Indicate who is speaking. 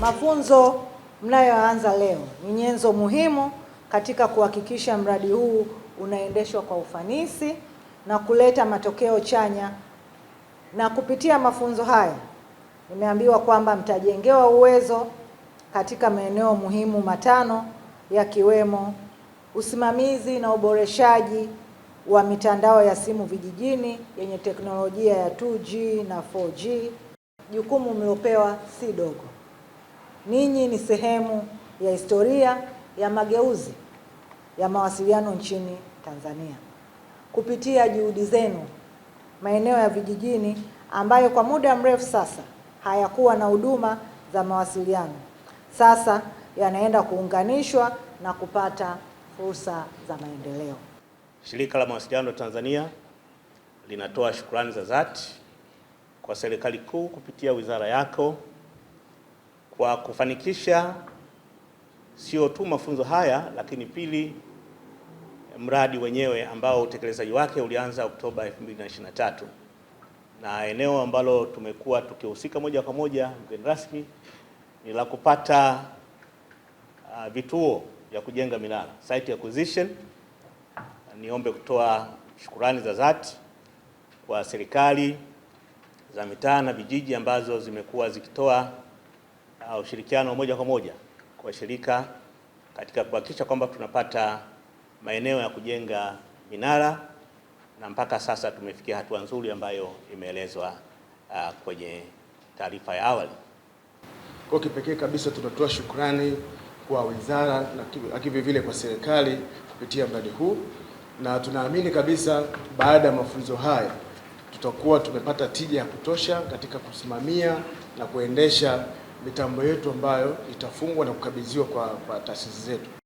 Speaker 1: Mafunzo mnayoanza leo ni nyenzo muhimu katika kuhakikisha mradi huu unaendeshwa kwa ufanisi na kuleta matokeo chanya. Na kupitia mafunzo haya nimeambiwa kwamba mtajengewa uwezo katika maeneo muhimu matano yakiwemo usimamizi na uboreshaji wa mitandao ya simu vijijini yenye teknolojia ya 2G na 4G. Jukumu mliopewa si dogo ninyi ni sehemu ya historia ya mageuzi ya mawasiliano nchini Tanzania kupitia juhudi zenu maeneo ya vijijini ambayo kwa muda mrefu sasa hayakuwa na huduma za mawasiliano, sasa yanaenda kuunganishwa na kupata fursa za maendeleo.
Speaker 2: Shirika la Mawasiliano Tanzania linatoa shukrani za dhati kwa serikali kuu kupitia wizara yako kwa kufanikisha sio tu mafunzo haya, lakini pili mradi wenyewe ambao utekelezaji wake ulianza Oktoba 2023 na eneo ambalo tumekuwa tukihusika moja kwa moja, mgeni rasmi, ni la kupata uh, vituo vya kujenga minara site acquisition. Niombe kutoa shukurani za dhati kwa serikali za mitaa na vijiji ambazo zimekuwa zikitoa uh, ushirikiano moja kwa moja kwa shirika katika kuhakikisha kwamba tunapata maeneo ya kujenga minara na mpaka sasa tumefikia hatua nzuri ambayo imeelezwa uh, kwenye taarifa ya awali.
Speaker 3: Kwa kipekee kabisa tunatoa shukrani kwa wizara na vile kwa serikali kupitia mradi huu, na tunaamini kabisa baada ya mafunzo haya tutakuwa tumepata tija ya kutosha katika kusimamia na kuendesha mitambo yetu ambayo itafungwa na kukabidhiwa kwa, kwa taasisi zetu.